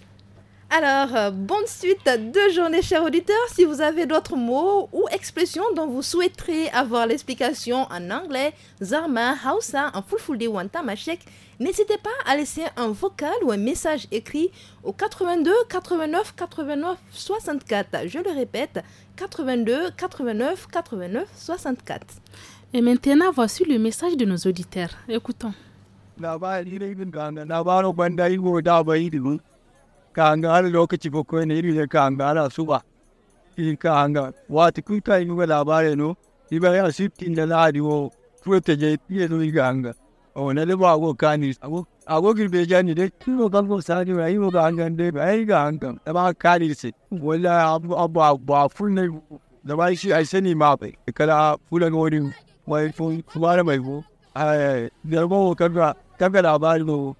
Alors, euh, bonne suite de journée, chers auditeurs. Si vous avez d'autres mots ou expressions dont vous souhaiterez avoir l'explication en anglais, Zarma, Hausa, en Fulfulde ou en n'hésitez pas à laisser un vocal ou un message écrit au 82 89 89 64. Je le répète, 82 89 89 64. Et maintenant, voici le message de nos auditeurs. Écoutons. kaanga lokaci ba ko ne iri kaanga ala suba iri kaanga wati kun kai ni labare no iba ya sitin da ladi wo tuwete je tiye no iganga o na le ba go kani ago ago girbe jani de kilo galgo sari wa ibo ganga de ai ganga da ba kani se wala abu abu ba ful ne da ba shi ai sani ma bai kala fulan wani wai fun subara mai go ai da ba kaga kaga labarin no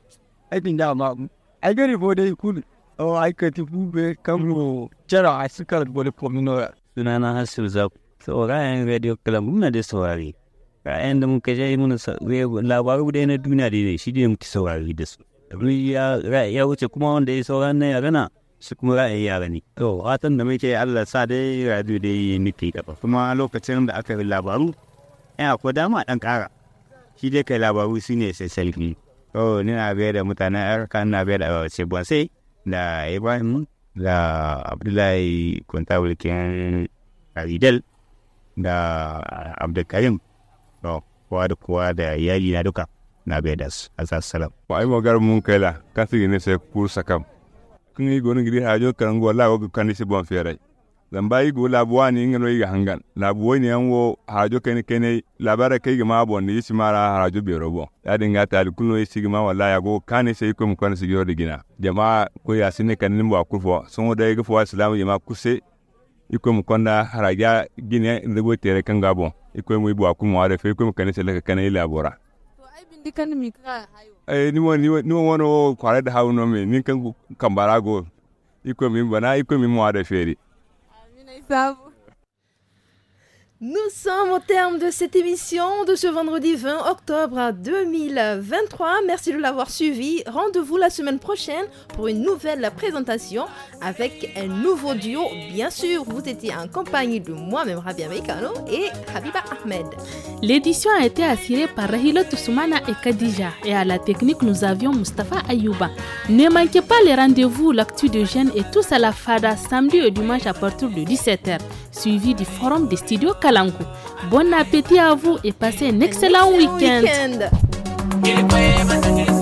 ai tin da ma ai gari bo dai kulu an aika tufu bai kamro jara a suka gwada komino sunana hasu zab saurayen radio club muna da saurare ra'ayin da muka je muna labaru na duniya da ne shi ne muke saurari de su ya wuce kuma wanda ya sauran na yara na su kuma to da muke allah sa dai radio kuma lokacin da aka yi labaru yan eh, dama dan kara shi kai labaru su ne sai salfi oh ni na biya da mutanen yarka na biya da sai la Eva la Abdullahi Contable Ken Adidel da Abdulkarim. No, kowa da kowa da iyali na duka na bai da su a sassalam. Ba a yi magar mun kai la, kasi ne sai kusa kam. Kun yi gonin gidi a yau karanguwa la'awa kan nisi bon fere. zamba yi go labu ni ingano yi hangan labu ni yan wo harajo kene kene labara kai gima bon ni yisi mara harajo bero robo ya dinga ta alkuno yi sigima wala ya go kane sai ko mu kwana sigiro de gina jama ko ya sine kan nimbo akurfo sun wo dai gafo islamu jama kuse iko mu konda haraja gine ndego tere kan gabo iko mu ibu akumo wala fe iko mu kane sai laka kane labora dikan mi ka hayo eh ni mo ni mo wono kware da no me ni kan kambara go iko mi bana iko mi mo ada feri that Nous sommes au terme de cette émission de ce vendredi 20 octobre 2023. Merci de l'avoir suivi. Rendez-vous la semaine prochaine pour une nouvelle présentation avec un nouveau duo. Bien sûr, vous étiez en compagnie de moi-même, Rabia Mekano et Habiba Ahmed. L'édition a été assurée par Rahilo Toussoumana et Kadija. Et à la technique, nous avions Mustafa Ayouba. Ne manquez pas les rendez-vous, l'actu de Jeanne et tous à la FADA samedi et dimanche à partir de 17h, suivi du forum des studios Bon appétit à vous et passez un excellent week-end. week end